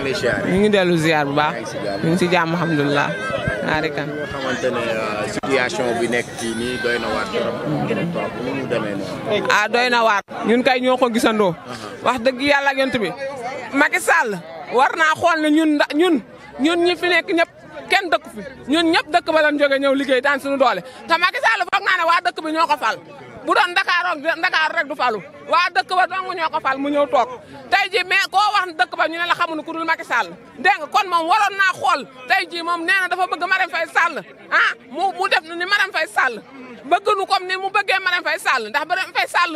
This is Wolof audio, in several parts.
ñu ngi dellu ziar bu baax ñu ngi si jàmm alhamdulilah ñaari kan. nga xamante ne euh, situation bi nekk fii nii doy na waar ah, doy na waar. ñun kay ñoo ko gisandoo. wax dëgg yàlla gent bi Macky Sall war naa xool ne ñun ndax ñun ñun ñi fi nekk ñëpp kenn dëkk fi ñun ñëpp dëkk ba lan jóge ñëw liggéey daan suñu doole te Macky Sall foog waa dëkk bi ñoo fal. bu doon Dakar Dakar rek du falu waa dëkk ba dong ñoo ko fal mu ñëw toog tey jii mais koo wax dëkk ba ñu ne la xamuñu ku dul Macky Sall dégg kon moom waroon naa xool tey jii moom nee na dafa bëgg Marème Faye Sall ah mu mu def ni Marème Faye Sall bëgg nu comme ni mu bëggee Marème Faye Sall ndax Marème Faye Sall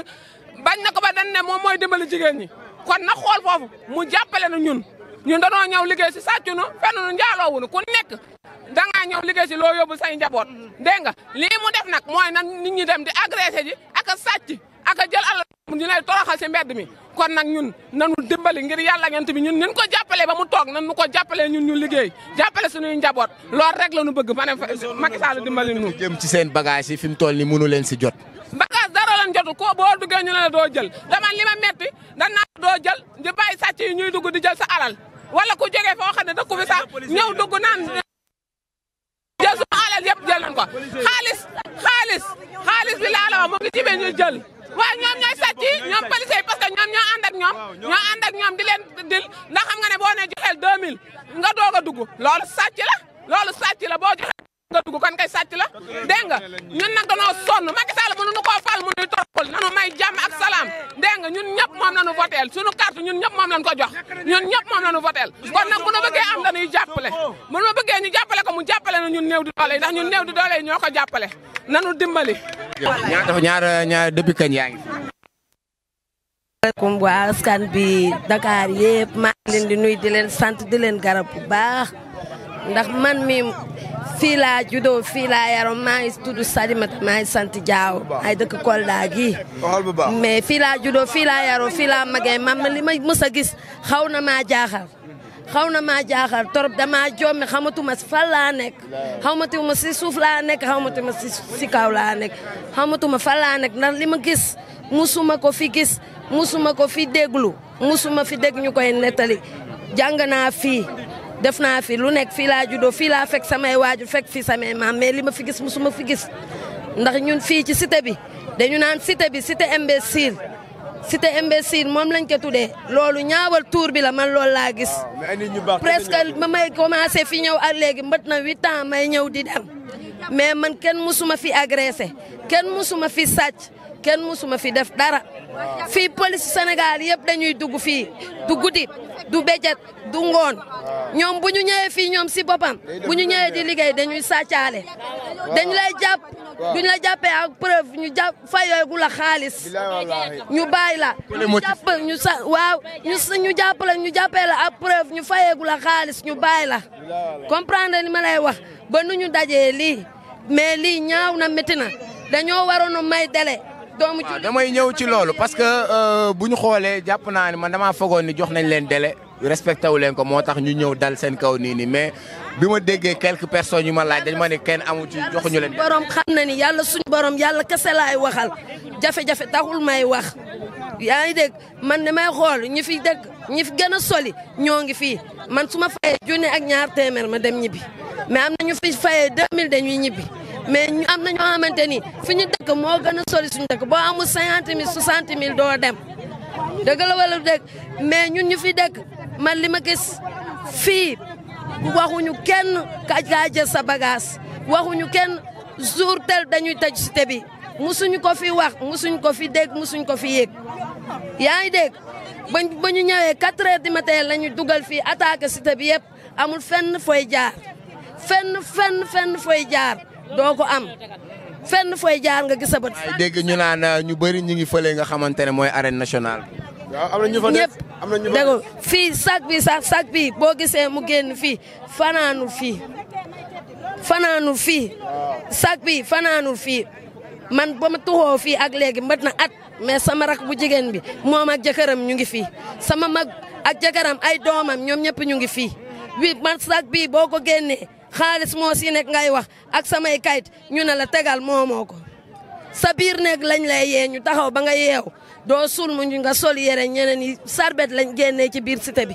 bañ na ko ba dañ ne moom mooy dimbali jigéen ñi kon na xool foofu mu jàppale na ñun ñun danoo ñëw liggéey si sàccu nu fenn nu njaaloo wu nu ku nekk dangaa ñëw liggéey si loo yóbbu say njaboot dégg nga lii mu def nag mooy nan nit ñi dem di agressé ji ak a sàcc ak a jël alal ñu lay toroxal si mbedd mi kon nag ñun nanu dimbali ngir yàlla ngent bi ñun nin ko jàppale ba mu toog nan nu ko jàppalee ñun ñu liggéey jàppale suñuy njaboot loolu rek la ñu bëgg ma ne Macky Sall dimbali ñu jëm ci seen bagage yi fi mu toll ni mënu leen si jot bagage dara lan jotu ko boo duggee ñu doo jël dama li ma metti dan naa doo jël di bàyyi ñuy dugg di jël sa alal wala ku jógee foo xam ne dëkku fi sax ñëw dugg naan alal yëpp jël nañ ko xaalis xaalis xaalis bi laa la wax mu ngi jibee ñu jël waaw ñoom ñooy sàcc ñoom policiers yi ñoom ñoo ànd ak ñoom ñoo ànd ñoom di leen dil ndax xam nga ne boo ne joxeel 2000 nga doog a dugg loolu sàcc la loolu sàcc la boo nga dugg kon kay sàcc la dégg nga ñun nag danoo sonn Macky Sall mënuñu koo fal mu nuy toroxal nanu may jàmm ak salaam dégg ñun ñëpp moom lañu voteel suñu carte ñun ñëpp moom lañu ko jox ñun ñëpp moom lañu voteel kon nag bu nu am dañuy jàppale bu nu ñu jàppale ko mu jàppale na ñun néew di ñoo ko jàppale nanu dimbali dafa ñaar ñaar depuis kañ yaa ngi asalaamaaleykum waa bi dakaar yëpp maa ngi di nuy di leen sant di leen garab bu baax ndax man mi fii laa juddoo fii laa yaroon maa ngi tudd Salimata ngi sant Diaw ay dëkk Kolda gii. mais fii laa juddoo fii laa yaroon fii laa magee man li ma mës a gis xaw na maa jaaxal. xaw na maa jaaxal trop damaa jommi xamatuma si fan laa nekk xamatuma si suuf laa nekk xamatuma si si kaw laa nekk xamatuma fan laa nekk ndax li ma gis musuma ko fi gis musuma ko fi déglu musuma fi dégg ñu koy nettali jàng naa fii. def naa fi lu nekk fii laa juddoo fii laa fekk samay waajur fekk fii samay maam mais li ma fi gis musuma fi gis ndax ñun fii ci cité bi dañu naan cité bi cité imbécile cité imbécile moom lañ ko tuddee loolu ñaawal tuur bi la man loolu laa gis. Ah, presque ma may commencé fi ñëw ak léegi mbët na huit ans may ñëw di dem mais man kenn musuma fi agressé kenn musuma fi sàcc. kenn musuma fi def dara fii police Sénégal yëpp dañuy dugg fii du guddi du béjjat du ngoon ñoom bu ñu ñëwee fii ñoom si boppam bu ñu ñëwee di liggéey dañuy sàccaale dañ lay jàpp duñ la jàppee ak preuve ñu jàpp fayeegu la ñu bàyyi la ñu jàpp ñu sa waaw ñu ñu jàpp la ñu jàppee la ak preuve ñu fayeegu la xaalis ñu bàyyi la comprendre li ma lay wax ba ñu dajee lii mais lii ñaaw na métti na dañoo waroon a may délai doomu jullit damay ñëw ci loolu parce que euh, bu ñu xoolee jàpp naa ne man damaa fogoon ni jox nañ leen dele respecté wu leen ko moo tax ñu ñëw dal seen kaw nii nii mais bi ma déggee quelques persone ñu ma laaj dañ ma ne kenn amu ci joxuñu leen. borom xam na ni yàlla suñu borom yàlla kese laay waxal jafe-jafe taxul may wax yaa ngi dégg man may xool ñi fi dëkk ñi fi gën a soli ñoo ngi fii man su ma fayee junne ak ñaar téeméer ma dem ñibbi mais am na ñu fi fayee de dañuy ñibbi. mais ñu am na ñoo amante ni fi ñu dëkk moo gën a sori suñu dëkk boo amul cinquante mille soixante mille doo dem dëgg la wala dëgg mais ñun ñu fi dëkk man li ma gis fii waxuñu kenn kaa jël sa bagage waxuñu kenn jour tel dañuy tëj cité bi musuñu ko fi wax musuñu ko fi dégg musuñu ko fi yéeg yaa ngi dégg bañ ba ñu ñëwee quatre heures du matin la ñu dugal fii attaque cité bi yëpp amul fenn fooy jaar fenn fenn fenn fooy jaar doo ko am fenn fooy jaar nga gis sa bët. waaye dégg ñu naan euh, ñu bari ñu ngi fële nga xamante ne mooy arène nationale. waaw am na ñu fa am na ñu fa fii sac bi sax sac bi boo gisee mu génn fii fanaanu fii fanaanul fii sac bi fanaanul fii man ba ma tuxoo fii ak léegi mbat na at mais sama rak bu jigéen bi moom ak jëkkëram ñu ngi fii sama mag ak jëkkëram ay doomam ñoom ñëpp ñu ngi fii wi man sac bi boo ko génnee xaalis moo si nekk ngay wax ak samay kayit ñu ne la tegal moomoo ko sa biir néeg lañ lay yee ñu taxaw ba nga yeew doo sul mu ñu nga sol yére ñeneen yi sarbet lañ génnee ci biir cité bi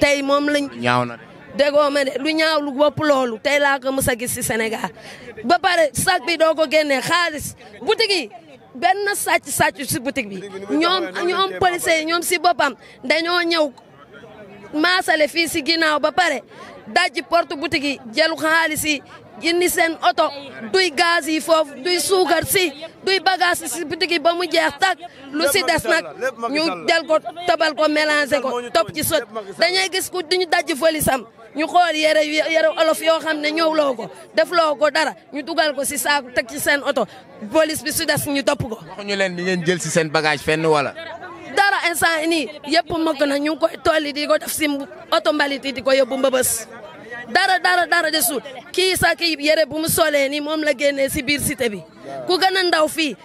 tey moom lañ. ñaaw na déggoo ma de lu ñaaw lu bopp loolu tey laa ko mës a gis si senegaal ba pare sac bi doo ko génnee xaalis boutique yi benn sàcc sàcc si boutique bi ñoom ñoom policiers ñoom si boppam dañoo ñëw maasale fii si ginnaaw ba pare daj porte boutique yi jël xaalis yi seen oto duy gaz yi foofu duy suukar si duy bagage si boutique yi ba mu jeex tak lu si des nag ñu jël ko tobal ko mélangé ko topp ci sot dañuy gis ku duñu dajji folisam ñu xool yére yére olof yoo xam ne ñëwloo ko defloo ko dara ñu dugal ko si saako teg ci seen oto police bi su des ñu topp ko. waxuñu leen ni ngeen jël si seen bagage fenn wala. dara instant nii yëpp mëgg na ñu ngi koy tool yi di ko def si oto mbalit yi di ko yóbbu mbëbës dara dara dara desul kii sa kii yére bu mu solee nii moom la génnee si biir cité bi ku gën a ndaw fii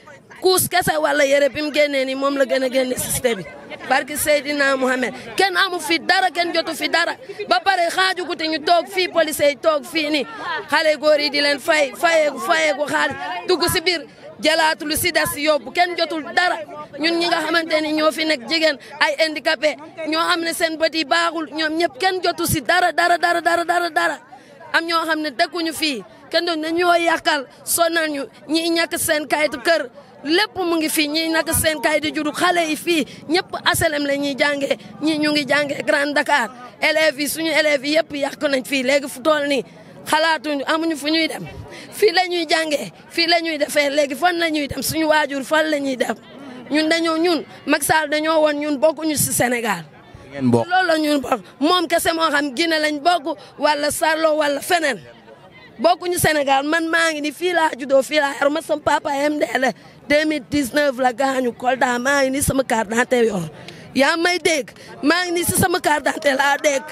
kuus kese wala yere bi mu génnee nii moom la gën a génne système bi barki Seydina Mohamed kenn amu fi dara kenn jotu fi dara ba pare xaaju guddi ñu toog fii police yi toog fii nii xale góor yi di leen fay fayeeku fayeeku xaalis dugg si biir jalaatulu si des yóbbu kenn jotul dara ñun ñi nga xamante ni ñoo fi nekk jigéen ay handicapé ñoo am ne seen bët yi baaxul ñoom ñëpp kenn jotu si dara dara dara dara dara dara am ñoo xam ne dëkkuñu fii kenn doon na ñoo yàqal sonal ñu ñi ñàkk seen kayitu kër lépp mu ngi fii ñi nag seen kay di juddu xale yi fii ñëpp aselem la ñuy jàngee ñii ñu ngi jàngee Grand Dakar élèves yi suñu élèves yi yëpp yàq nañ fii léegi fu tool nii xalaatuñu amuñu fu ñuy dem fii la ñuy jàngee fii la ñuy defee léegi fan la ñu dem suñu waajur fan la ñuy dem ñun dañoo ñun Macky Sall dañoo woon ñun bokkuñu si Sénégal. ngeen bokk loolu la ñun bokk moom kese moo xam Guinée lañ bokk wala Sarlo wala feneen bokkuñu Sénégal man maa ngi ni fii laa juddoo fii laa yar ma sama papa MDL 2019 la gaañu Kolda maa ngi ni sama carte d'identité yor yaa may dégg maa ngi ni si sama carte d'identité laa dégg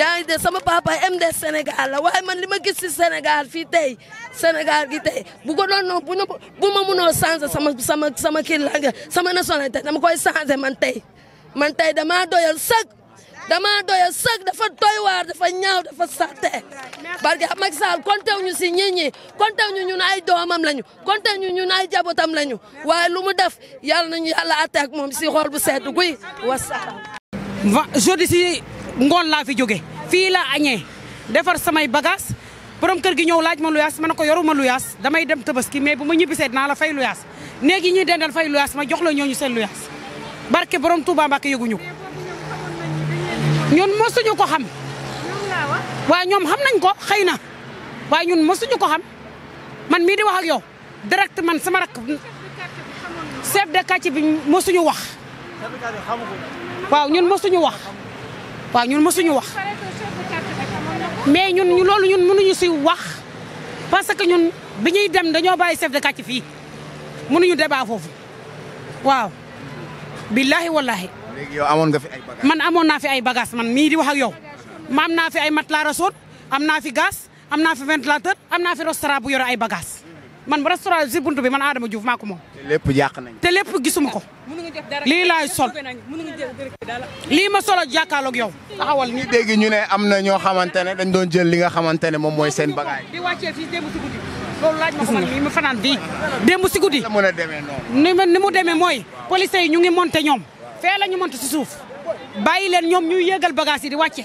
yaa ngi dégg sama papa MD Sénégal la waaye man li ma gis si Sénégal fii tey Sénégal gi tey bu ko doon noonu bu ñu bu ma mënoo changer sama sama sama kii la nga sama nationalité dama koy changer man tey man tey dama doyal sak dama doya sëg dafa doy waar dafa ñaaw dafa saate barke Macky Sall konte ñu si ñii ñi konte ñu ñun ay doomam lañu konte ñu ñun ay jabotam lañu waaye lu mu def yàlla nañu yàlla àtte ak moom si xool bu sedd guy wasalaam. jeudi si ngoon laa fi jóge fii laa añee defar samay bagages borom kër gi ñëw laaj ma luyaas ma ne ko yoruma luyaas damay dem ki mee bu ma ñibbi ñibbisee naa la fay luyaas néeg yi ñuy dendal fay luyaas ma jox la ñooñu seen luyaas barke borom Touba Mbacke yëguñu ñun mosuñu ko xam. waa ñoom xam nañ ko xëy na waaye ñun mosuñu ko xam man mii di wax ak yow direct man sama rak chef de quartier bi mosuñu wax. waaw ñun mosuñu wax waa ñun mosuñu wax mais ñun ñu loolu ñun mënuñu si wax parce que ñun bi ñuy dem dañoo bàyyi chef de quartier fii mënuñu débat foofu waaw billaahi wallaahi léegi yow amoon nga fi man amoon naa fi ay bagages man mii di wax ak yow ma naa fi ay matelas rasoon am naa fi gaz am naa fi ventilateur am naa fi restaurant bu yore ay bagages man restaurant si buntu bi man Adama Diouf maa ko moom. te lépp yàq nañ te lépp gisuma ko. lii laay sol lii ma solo jàkkaarloog yow. taxawal ñu ñu ne am na ñoo xamante ne dañ doon jël li nga xamante ne moom mooy seen bagage. di wàccee fii démb si guddi ko man mii ma fanaan fii ni mu demee mooy police yi ñu ngi monte ñoom. fee la ñu mënta si suuf bàyyi leen ñoom ñuy yéegal bagage yi di wàcce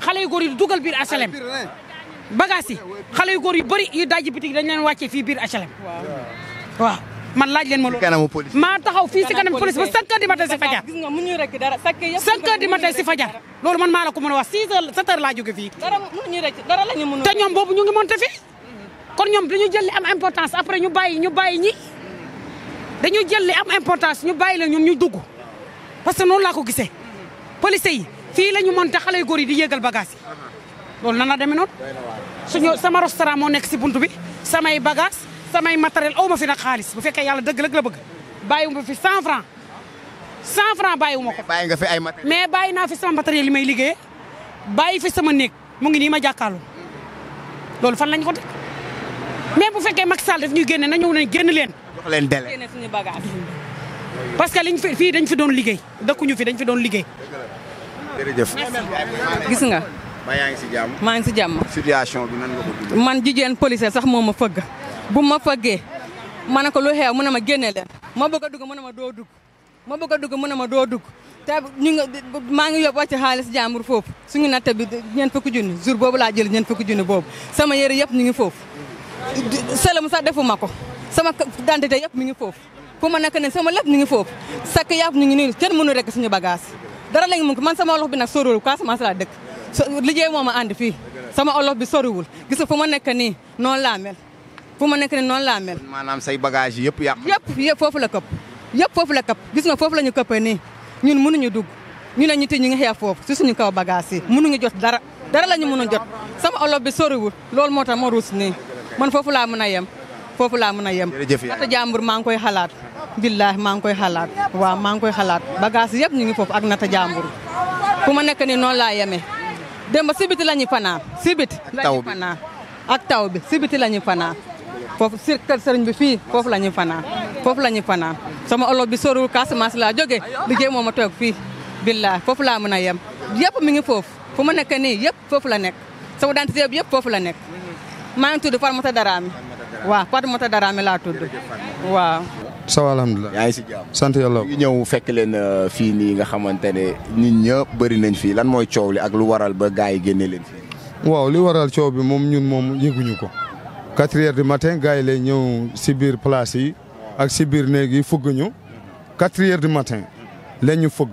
xale yu góor yu di dugal biir HLM bagage yi xale yu góor yu bëri yu dajji bitig dañ leen wàcce fii biir HLM waaw man laaj leen ma loolu maa taxaw fii si kanam police ba 5 heures du matin si fajar 5 heures du matin si fajar loolu man maa la ko mën a wax 6 heures 7 heures laa fii te ñoom boobu ñu ngi monte fii kon ñoom dañu jël li am importance après ñu bàyyi ñu bàyyi ñi dañu jël li am importance ñu bàyyi la ñoom ñu dugg parce que noonu laa ko gisee police yi fii la ñu monté xale yu yi di yéegal bagage yi loolu nan la demee noonu suñu sama restaurant moo nekk si buntu bi samay bagage samay matériel aw ma fi na xaalis bu fekkee yàlla dëgg la la bëgg bàyyiwu ma fi 100 francs 100 francs bàyyiwu ma fi ay matériel mais bàyyi naa fi sama matériel may liggéeyee bàyyi fi sama néeg mu ngi nii ma jàkkaarloo loolu fan lañ ko teg bu fekkee Macky Sall daf ñuy génne na ñëw nañ génn leen. jox leen délai génne suñu parce que ñu fi fii dañ fi doon liggéey dëkkuñu fi dañ fi doon liggéey. jërëjëf. gis nga. maa ngi si jàmm. maa ngi si man jigéen policier sax moom ma fëgg. bu ma fëggee ma ne ko lu xew mu ne ma génne leen. ma bëgg a dugg mu na ma doo dug ma bëgg a dugg mu ne ma doo dugg. te ñu nga maa ngi yóbbu wàcc xaalis jàmbur foofu suñu natt bi ñeent fukki junni jour boobu laa jël ñeent fukki junni boobu sama yére yëpp ñu ngi foofu. sëlëm sax defuma ko sama identité yëpp mi ngi foofu fu ma nekk ne sama lépp ñu ngi foofu sakk yàpp ñu ngi nii kenn mënu rek suñu bagage dara lañ mun ko man sama olof bi nag soriwul Casamance laa dëkk liggéey moo ma ànd fii sama olof bi soriwul gis nga fu ma nekk nii noonu laa mel fu ma nekk nii noonu laa mel maanaam say bagage yi yëpp yàq yëpp yëpp foofu la këpp yëpp foofu la këpp gis nga foofu la ñu këppee nii ñun mënuñu dugg ñun ne ñu te ñu ngi xeex foofu si suñu kaw bagage yi mënuñu jot dara dara la ñu mën a jot sama olof bi soriwul loolu moo tax ma ruus nii man foofu laa mën a yem foofu laa mën a yem ata jàmbur maa ngi koy xalaat billaahi maa ngi koy xalaat waaw maa ngi koy xalaat bagage yëpp ñu ngi foofu ak nata jàmbur fu ma nekk nii noonu laa yeme démb si biti la ñu fanaan si biti la ñu fanaan ak taw bi si la ñu fanaa foofu si kër fii foofu la ñu fanaa foofu la ñu fanaan sama olo bi sorul Casamance laa jógee liggéey moo ma toog fii billaahi foofu laa mën a yem yëpp mi ngi foofu fu ma nekk nii yëpp foofu la nekk sama dentité bi yëpp foofu la nekk maa ngi tudd Fatmata Darame waaw Fatmata Darame laa tudd ça va alhamdulilah yaa ngi si jàmm sant yàlla ñu fekk leen euh, fii nii nga xamante ne nit ñëpp bëri nañ fii lan mooy coow li ak lu waral ba gars yi génne leen fii. waaw li waral coow bi moom ñun moom yëguñu ko. quatre heures du matin gars yi lay ñëw si biir place yi ak si biir néeg yi fugg ñu quatre heures du matin la ñu fugg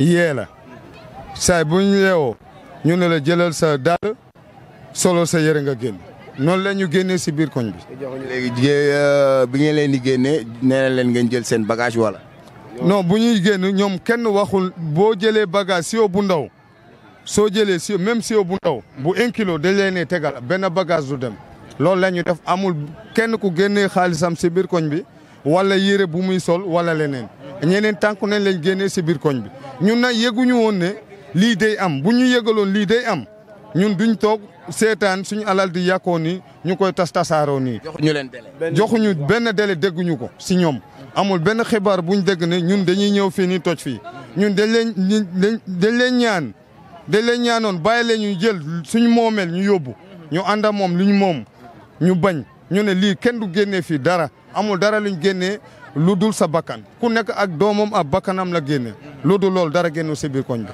yee la saay bu ñu yeewoo ñu ne la jëlal sa dàll solo sa yëre nga génn. noonu la ñu génnee si biir koñ bi. léegi euh, bi ngeen leen di génnee nee na leen ngeen jël seen bagage wala. non bu ñuy génn ñoom kenn waxul boo jëlee bagage sio bu ndaw soo jëlee sio même sio bu ndaw bu un kilo leen ne tegal benn bagage du dem loolu la ñu def amul kenn ku génnee xaalisam si biir koñ bi wala yére bu muy sol wala leneen ñeneen tànku nañ lañ génnee si biir koñ bi ñun nag yëguñu woon ne lii day am bu ñu yëgaloon lii day am. ñun duñ toog seetaan suñu alal di yàqoo ni ñu koy tas tasaaroo nii. joxuñu leen délai. joxuñu benn dele dégguñu ko si ñoom. amul benn xibaar buñ dégg ne ñun dañuy ñëw fii nii toj fii ñun dañ leen dañ leen ñaan dañ leen ñaanoon bàyyi leen ñu jël suñ moomeel ñu yóbbu ñu ànd ak moom luñ moom ñu bañ ñu ne lii kenn du génnee fii dara amul dara luñ génnee lu dul sa bakkan ku nekk ak doomam ak bakkanam la génne lu dul loolu dara génnu si biir koñ bi.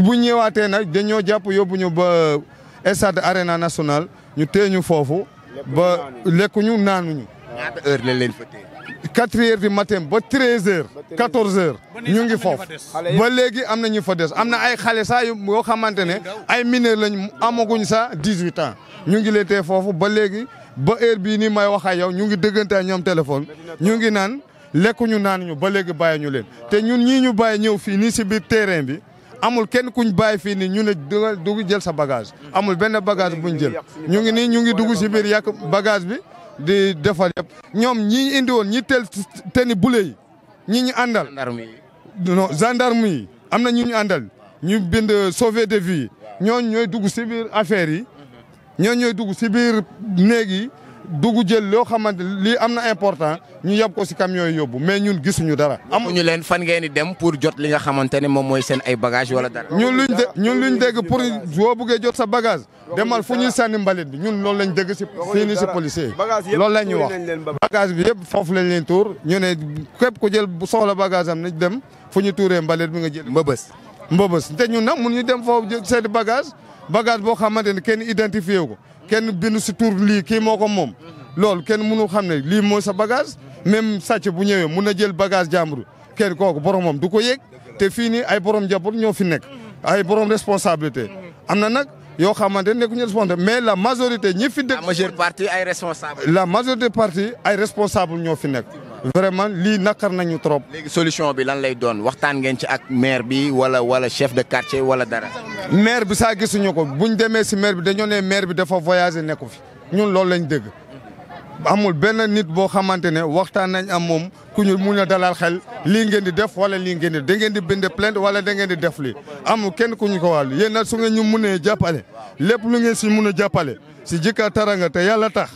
bu ñëwaatee nag dañoo jàpp yóbbu ñu ba stade arena national ñu téye ñu foofu. ba lekkuñu naanuñu. ñaata heure lañ leen fa téye. quatre ba treize heures. quatorze heures ñu ngi foofu. ba léegi am na ñu fa des am na ay xale saa yu yoo xamante ne ay mineurs lañ amaguñ sax dix huit ans ñu ngi leen téye foofu ba léegi ba heure bii nii may wax yow ñu ngi dëggante ak ñoom téléphone ñu ngi naan lekkuñu naanuñu ba léegi bàyyi ñu leen te ñun ñii ñu bàyyi ñëw fii nii si biir terrain bi. amul kenn kuñ bàyyi fii nii ñu ne dugg jël sa bagage amul benn bagage buñ jël ñu ngi nii ñu ngi dugg si biir yàq bagage bi di defar yëpp ñoom ñi indi woon ñi tel teni bule yi ñi ñu àndal non gendarme yi am na ñu ñu àndal ñu bind sauver des vies ñooñu ñooy dugg si biir yi ñooñu ñooy dugg si biir néeg yi dugg jël loo xamante lii am na important ñu yab ko si camion yóbbu mais ñun gisuñu dara. amuñu leen fan ngeen di dem pour jot li nga xamante ne moom mooy seen ay bagage wala dara. ñun luñ dé ñun luñ dégg pour boo buggee jot sa bagage demal fu ñu sànni mbalit bi ñun loolu lañ dégg si fii nii si policier yi loolu la ñuy wax bagage bi yëpp foofu lañ leen tuur ñu ne képp ku jël soxla bagage am na dem fu ñu tuuree mbalit bi nga jël mbëbës mbëbës te ñun na mun ñu dem foofu seeti bagage bagage boo xamante ne kenn identifié ko kenn binnu si tur lii kii moo ko moom loolu kenn mënu xam ne lii mooy sa bagage même sàcc bu ñëwee mun na jël bagage jàmbur kenn kooku boromam du ko yëg te fii nii ay borom njaboot ñoo fi nekk ay borom responsabilité am na nag yoo xamante nekku ñu responsable mais la majorité ñi fi dëkk. la majeure partie ay responsable. la majorité partie ay responsable ñoo fi nekk. vraiment lii naqar nañu trop. léegi solution bi lan lay doon waxtaan ngeen ci ak maire bi wala wala cef de quartier wala dara. maire bi saa gisuñu ko buñ demee si maire bi dañoo ne maire bi dafa voyagé nekku fi ñun loolu lañ dégg. amul benn nit boo xamante ne waxtaan nañ am moom ku ñu mun a dalal xel lii ngeen di def wala lii ngeen di da ngeen di bind plainte wala da ngeen di def li amul kenn ku ñu ko wàllu yéen nag su ngeen ñu munee jàppale lépp lu ngeen si mun a jàppale si Jikko Taranga te yàlla tax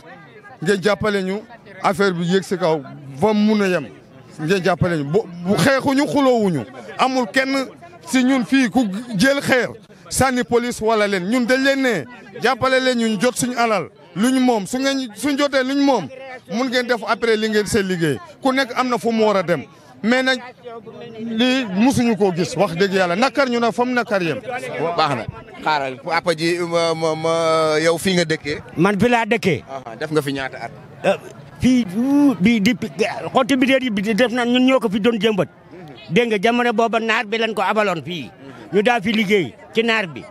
ngeen jàppale bi yéeg si kaw. fa mun a yem ngeen jàppale ñu bu xeexuñu xuloowuñu amul kenn si ñun fii ku jël xeer sànni police wala leen ñun dañ leen ne jàppale leen ñun jot suñu alal luñ moom su ngeen suñ jotee luñ moom mun ngeen def après li ngeen seen liggéey ku nekk am na fu mu war a dem mais nag lii musuñu koo gis wax dëgg yàlla nakar ñu na fam nakar yem. baax na xaaral papa ji ma ma yow fii nga dëkkee. man fi laa dëkkee. def nga fi ñaata at. Euh, fii bi di xotti bitéer yi bi def na ñun ñoo ko fi doon jëmbat dégg nga jamono booba naar bi ko abaloon fii ñu daa fi liggéey ci naar bi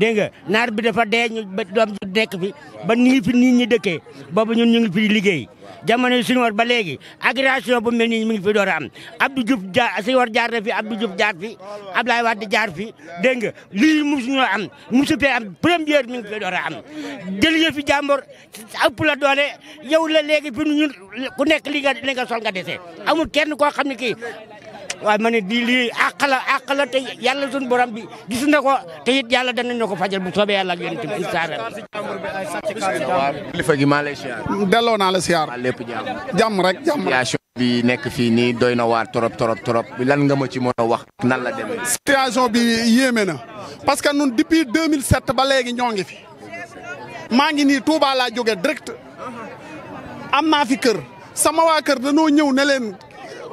dégg nga naar bi dafa dee ñu doom ju nekk fi ba nii fi nit ñi dëkkee booba ñun ñu ngi fi liggéey jamono yi suñu ba léegi agression bu mel nii mi ngi fi door a am Abdou Diouf ja suñu war jaar na fi Abdou Diouf jaar fi Abdoulaye Wade jaar fi dégg nga lii mosuñoo am musu fee am première mi ngi fi door am jël fi jàmbor ëpp la doole yow la léegi fi ñun ku nekk li nga li nga sol nga dese amul kenn koo xam ne kii waaye ma ne di lii àq la àq la te yàlla sunu borom bi gis na ko te it yàlla danañ na ko fajal bu soobee yàlla ak yéen itam isaare kilifa gi maa lay siyaar naa la siyaar lépp jàmm jàmm rek jàmm bi nekk fii nii doy na waar trop trop trop lan nga ma ci mën a wax nan la demee situation bi yéeme na parce que nun depuis 2007 ba léegi ñoo ngi fi maa ngi nii Touba laa jóge direct am naa fi kër sama waa kër danoo ñëw ne leen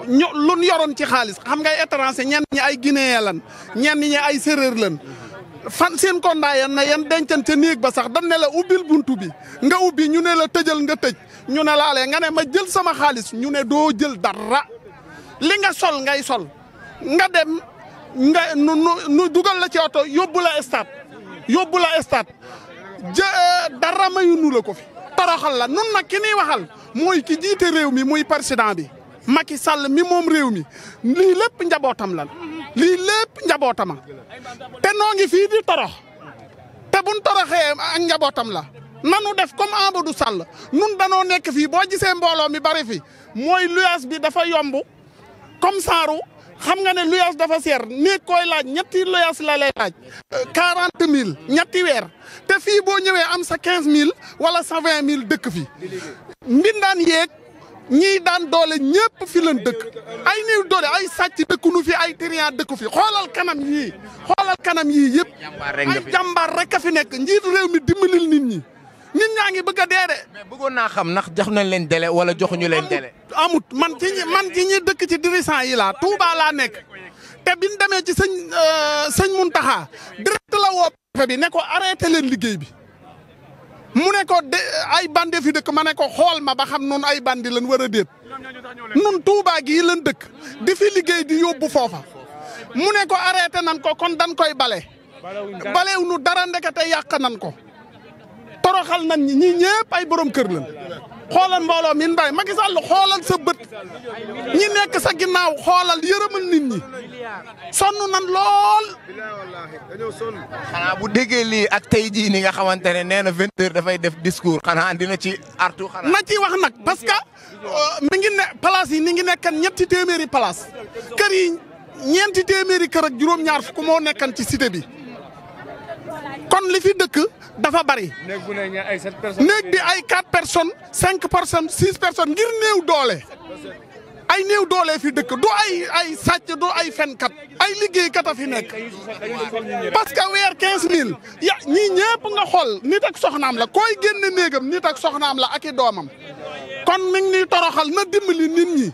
ñu luñ yoroon ci xaalis xam ngay étranger ñenn ñi ay guinéen lan ñenn ñi ay séréer lan fan seen kondaa yan na yan dencan ca néeg ba sax dañ la ubbil bunt bi nga ubbi ñu ne la tëjal nga tëj ñu ne laalee nga ne ma jël sama xaalis ñu ne doo jël dara li nga sol ngay sol nga dem nga nu nu dugal la ci oto yóbbu la stade yóbbu la stade jë euh, dara mayu nu la ko fi toroxal la nun nag ki waxal mooy ki jiite réew mi muy président bi Macky Sall mi moom réew mi lii lépp njabootam lan lii lépp njabootama te noo fii di torox te buñ toroxee ak njabootam la nanu def comme Amadou Sall nun danoo nekk fii boo gisee mbooloo mi bari fi mooy luyaas bi dafa yomb comme saaru xam nga ne luyaas dafa seer néeg koy laaj ñetti luyaas la lay laaj quarante mille ñetti weer te fii boo ñëwee am sa quinze mille wala sa mille dëkk fi mbindaan yeeg ñii daan doole ñëpp fi leen dëkk ay néew doole ay sàcc dëkkunu fi ay trian dëkku fi xoolal kanam yii xoolal kanam yii yëpp ay jàmbaar rek a fi nekk njiitu réew mi dimbalil nit ñi nit ñaa ngi bëgg a dee de. mais bëggoon naa xam ndax jox nañ leen délai wala joxuñu leen délai. amut man ci ñi man ci dëkk ci dirigeant yi laa Touba laa nekk te biñ demee ci sëñ euh, sëñ Mountakha direct la woo bi ne ko arrêté leen liggéey bi. mu ne ko de ay bande fi dëkk ma ne ko xool ma ba xam nun ay bandi lan war a déet nun Touba gii lan dëkk di fi liggéey di yóbbu foofa mu ne ko arrêté nan ko kon dan koy bale bale nu dara ndekete yàq nan ko toroxal nan ñi ñii ñëpp ay borom kër lan xoolal mbooloo min bàyyi Macky Sall xoolal sa bët ñi nekk sa ginnaaw xoolal yërëmal nit ñi sonn nan lool. xanaa bu déggee ak tey jii ni nga xamante ne nee na vingt dafay def discours xanaa dina ci artu xanaa. na ci wax nag parce que euh, mi ngi ne place yi mi ngi nekkan ñetti téeméeri place kër yi ñeenti téeméeri kër ak juróom-ñaar fukk moo nekkan ci cité bi. kon li fi dëkk dafa bari. néeg bu ne ay sept personnes. néeg bi ay quatre personnes cinq personnes six personnes ngir néew doole. ay néew doole fi dëkk du ay ay sàcc du ay fenkat ay liggéeykat a fi nekk parce que weer 15000 ya ñii ñëpp nga xool nit ak soxnaam la koy génne néegam nit ak soxnaam la ak i doomam kon mi ngi ñuy toroxal na dimbali nit ñi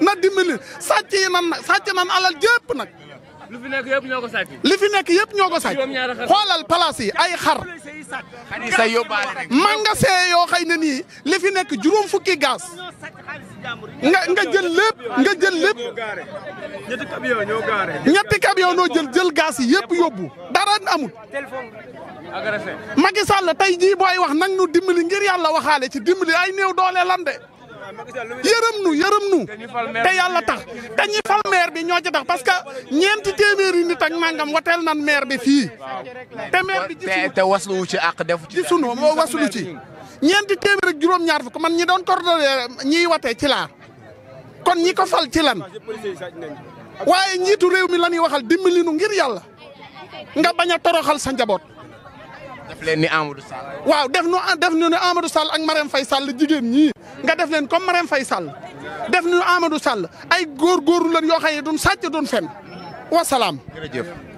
na dimbali sàcc yi nan sàcc nan alal jëpp nag. li fi nekk yëpp ñoo ko sàcc. li fi nekk yëpp ñoo ko sàcc xoolal palaas yi ay xar. magasin yoo xay na nii li fi nekk juróom fukki gaas nga nga jël lépp nga jël lépp. ñetti camion jël jël gaz yi yëpp yóbbu dara amul. Macky Sall tey jii ay wax nag nu dimbali ngir yàlla waxaale ci dimbali ay néew doole lan de. yërëm nu yërëm nu te yàlla tax dañuy fal maire bi ñoo ci tax parce que ñeenti téeméeri nit ak nangam wateel nan meer bi fii te maire bi te waslu ci àq def ci sunu moo waslu ci ñeenti téeméer juróom-ñaar fukk man ñi doon coordonné ñiy watee ci laa kon ñi ko fal ci lan waaye njiitu réew mi la ñuy waxal dimbali nu ngir yàlla nga bañ a toroxal sa njaboot ni Amadou Sall. waaw def nu def nu ne Amadou Sall ak Marème fay Sall jigéen ñi nga def leen comme Marème fay Sall def nu Amadou Sall ay góor góorlu lan yoo xam ne duñ sàcc duñ fen wasalaam. jërëjëf.